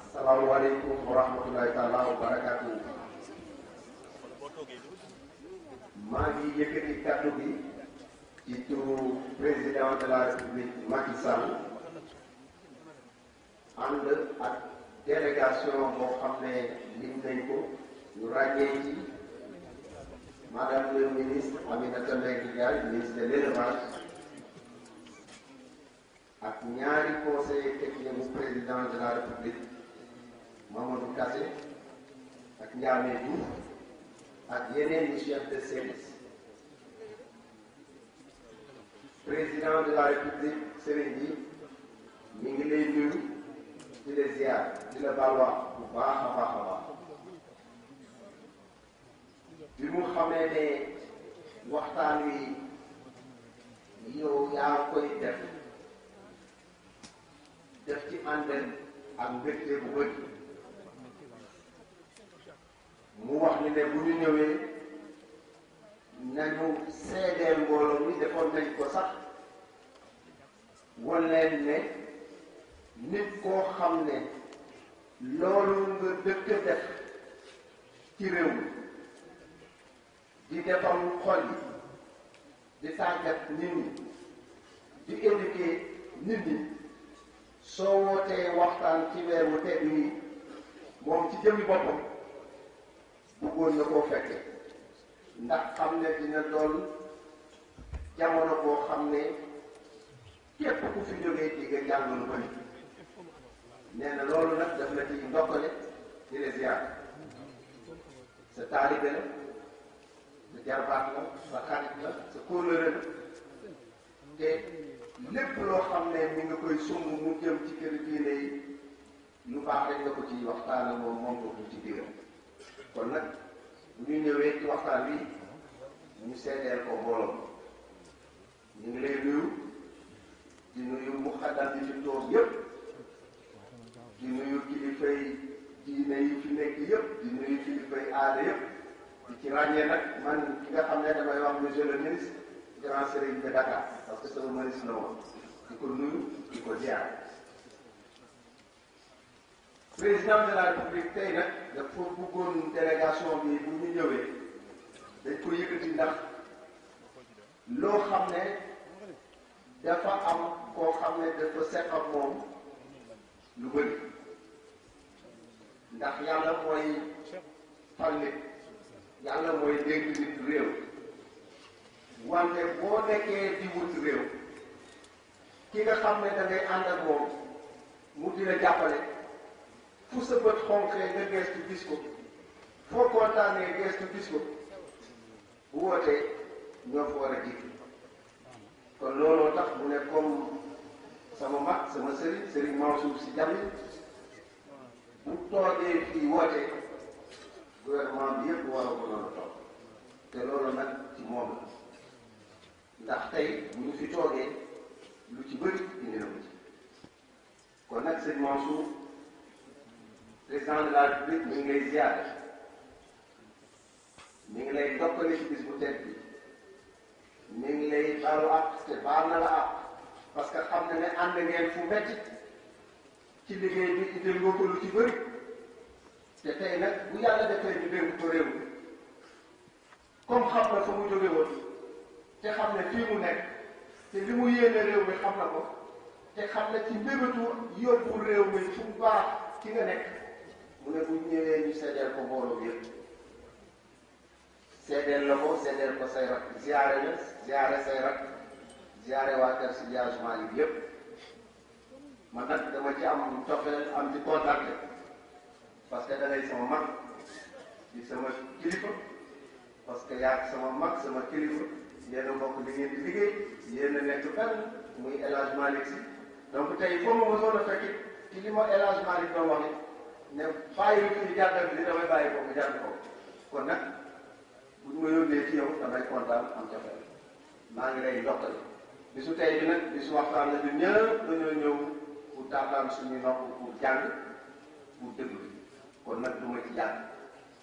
asalaamaaleykum wa rahmatulahi taala wa barakaatu maa ngi yëkkati kàddu bi ci turu président de la république Macky Sall ànd ak délégation boo xam ne lim nañ ko ñu ministre Aminata Mbengue Ndiaye ministre de ak ñaari conseillers président de la république Mamadou Kassé ak Ndiamé Diouf ak yeneen i chef de service président de la république Serigne mi ngi lay nuyu di la ziar di la balwaax bu baax a baax mu xamee ne wi yow yaa koy def. kontaanteen ak mbégte bu mu wax ñu ne bu ñu ñëwee nañu seedee mbooloo defoon nañ ko sax wan leen ne nit koo xam ne loolu nga dëkk def ci réew mi di defal xol yi di tàggat nit ñi di éduquer nit ñi soo wootee waxtaan ci weer wu tedd nii moom ci jëmmi boppam bëggoon na koo fekke ndax xam ne dina doon jamono boo xam ne képp ku fi jógee di nga jàng lu bëri nee na loolu nag daf la ci ndokkale di la sa taalibe la sa jarbaat la sa xarit la sa kóllëre la te lépp loo xam ne mi nga koy sumb mu jëm ci kër diine yi lu baax rek nga ko ciy waxtaane moom moom ko ci biiram kon nag bu ñu ñëwee ci waxtaan wi ñu seedeel ko mbooloo ñu ngi lay nuyu di nuyu muxaddam yi fi toog yépp di nuyu kilifay diine yi fi nekk yépp di nuyu kilifay aada yépp di ci ràññee nag man ki nga xam ne damay wax monsieur le ministre grand sëriñ de Dakar parce que sama mënis na woon di ko nuyu di ko ziar président de la république tey nag dafa bëggoon délégation bi bu ñu ñëwee dañ ko yëkkati ndax loo xam ne dafa am koo xam ne dafa seq moom lu bëri ndax yàlla mooy fal yàlla mooy dégg nit réew wante boo nekkee di wut réew ki nga xam ne da ngay ànd ak moom mu di la jàppale fu sa bët xonqee nga geestu gis ko foo kontaanee geestu gis ko bu wootee ñoo fa war a jiitu kon looloo tax mu ne sama mag sama sëriñ sëriñ Mansour si jàmm bu toogee fii wootee gouvernement bi yëpp war a ko mën a toog te loolu nag ndax tey bu ñu fi toogee lu ci bëri dindi na ko ci kon nag la République mi ngi lay ziar mi ngi lay dokkale ci bis bu tedd bi na la àpp parce que xam na ne ànd ngeen fu metti ci liggéey bi indil nga ko lu ci bëri te tey nag bu yàlla defee ñu dégg ko réew comme xam na fa mu jóge woon te xam ne fii mu nekk te li mu mi xam na ko te xam ne ci mbébétu yóbbu réew mi fu mu baax ki nga nekk mu ne bu ñëwee ñu seddeel ko mbooloo bi yëpp seddeel la ko seddeel ko say ziare la ziare say ziare waa kër si jaajëfal yi yëpp man nag dama ci am toppeel am ci kontaan parce que sama mag di sama kilifa parce que yaa sama mag sama kilifa. yéen a bokk li ngeen di liggéey yéen a nekk fenn muy si donc tey foo ma mosoon a fekk ci li ma El Hadj wax ne bàyyi lu ñu jàddal bi li damay bàyyi ko mu jàdd ko kon nag bu ñu ma yónnee ci yow damay kontaan am cofeel maa ngi lay ndokkal bisu tey bi nag bisu waxtaan la ñun ñëpp dañoo ñëw pour taataan suñuy nopp pour jàng pour déglu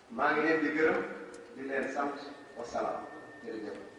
ma ci jàng di gërëm di leen sant wasalaam